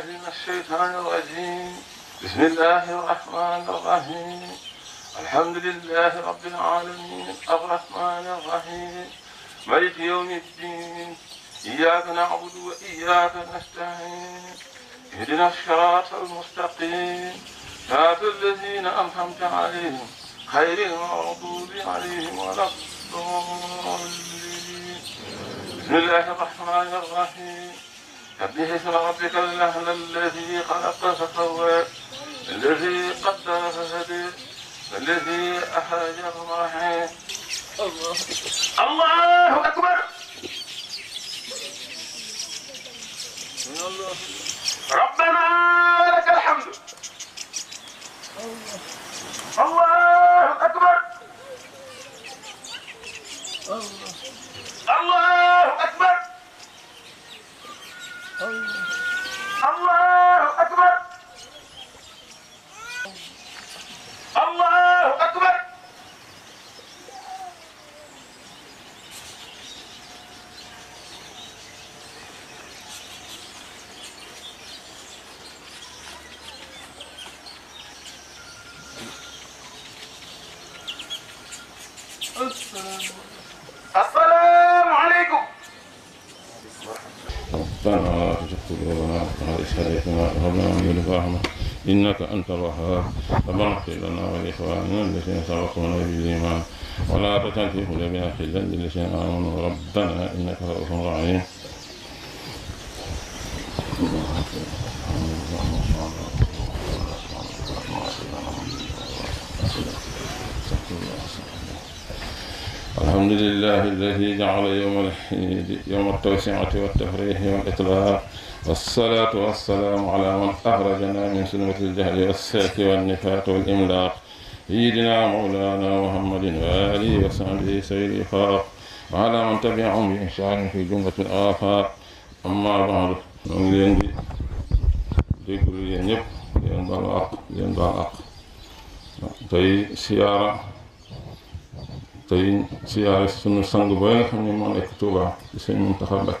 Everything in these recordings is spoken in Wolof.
بالله من الشيطان الرجيم بسم الله الرحمن الرحيم الحمد لله رب العالمين الرحمن الرحيم ملك يوم الدين إياك نعبد وإياك نستعين اهدنا الصراط المستقيم صراط الذين أنعمت عليهم خير المغضوب عليهم ولا الضالين بسم الله الرحمن الرحيم سبح اسم ربك الأعلى الذي خلق فسوى الذي قدر فهدي الذي أحاج الراحي الله الله أكبر ربنا لك الحمد الله أكبر الله allahu akbar asalaamaaleykum. waaw. إنك أنت الوهاب ربنا اغفر لنا ولإخواننا الذين سبقونا بالإيمان ولا تجعل في قلوبنا غلا للذين آمنوا ربنا إنك رؤوف رحيم الحمد لله الذي جعل يوم الحيد يوم التوسعة والتفريح والإطلاق والصلاة والسلام على من أخرجنا من سلمة الجهل والساك والنفاق والإملاق سيدنا مولانا محمد وآله وصحبه سير الخلق وعلى من تبعهم بإحسان في جملة الآفاق أما بعد من لين دي ديكل لين يب لين بالعق لين بالعق تي سيارة تي سيارة سنو سنغ بين خمي من اكتوبة سنو منتخبك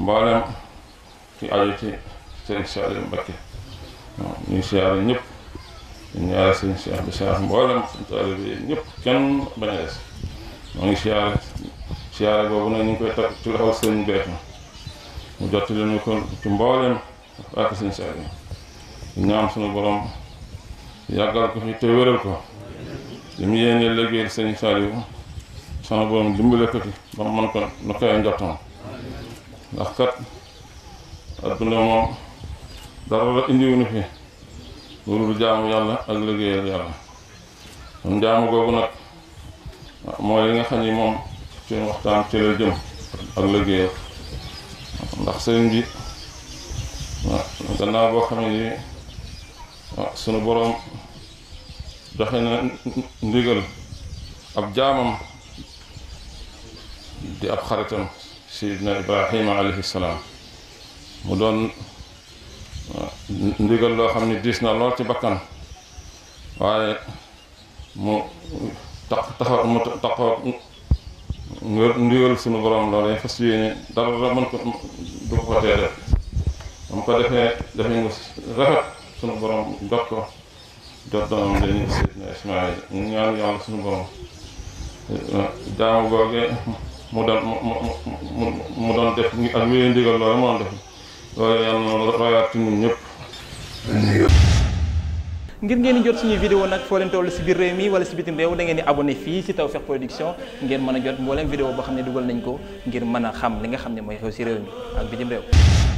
mboolem ci aju ci sëñ Saliou Mbacké ñu ngi siyaare ñëpp di ñaare sëñ Cheikh bi siyaare mboolem sëñ Saliou bi kenn bañ a des maa boobu nag ñu ngi koy takk ci loxol sëñ beek mu jottali ñu ko ci mboolem ak sëñ Saliou di ñaan suñu borom yàggal ko fi te wéral ko li mu yéene liggéeyal sëñ Saliou sama borom dimbale ko ci ba ko nu koy njottam ndax kat adduna moom dara la indiwuñu fi loolu jaamu yàlla ak liggéeyal yàlla moom jaamu googu nag mooy li nga xam ni moom suñu waxtaan ci la jëm ak liggéeyal ndax sëriñ bi gannaaw boo xam ni suñu boroom joxe na ndigal ab jaamam di ab xaritam Seydina Ibrahima alayhi mu doon ah, ndigal loo xam ne diis na lool ci bakkan waaye mu tax taxaw mu taxaw ngir ndigal suñu borom loolee fas yéene dara mën ko du ko ko defee defee nga rafet suñu borom jot ko jot doomam dañuy Seydina Ismaayil ñu ñaan yàlla suñu borom ah, jaamu googee mu doon mu mu mu mu doon def ak ñu leen digal loolu mu doon def loolu yàlla na royaat ci ñun ñëpp. ngir ngeen di jot suñuy vidéo nag foo leen toll si biir réew mi wala si bitim réew da ngeen di abonné fii si Tawfekh Production ngeen mën a jot mbooleem vidéo boo xam ne dugal nañ ko ngir mën a xam li nga xam ne mooy xew si réew mi ak bitim réew.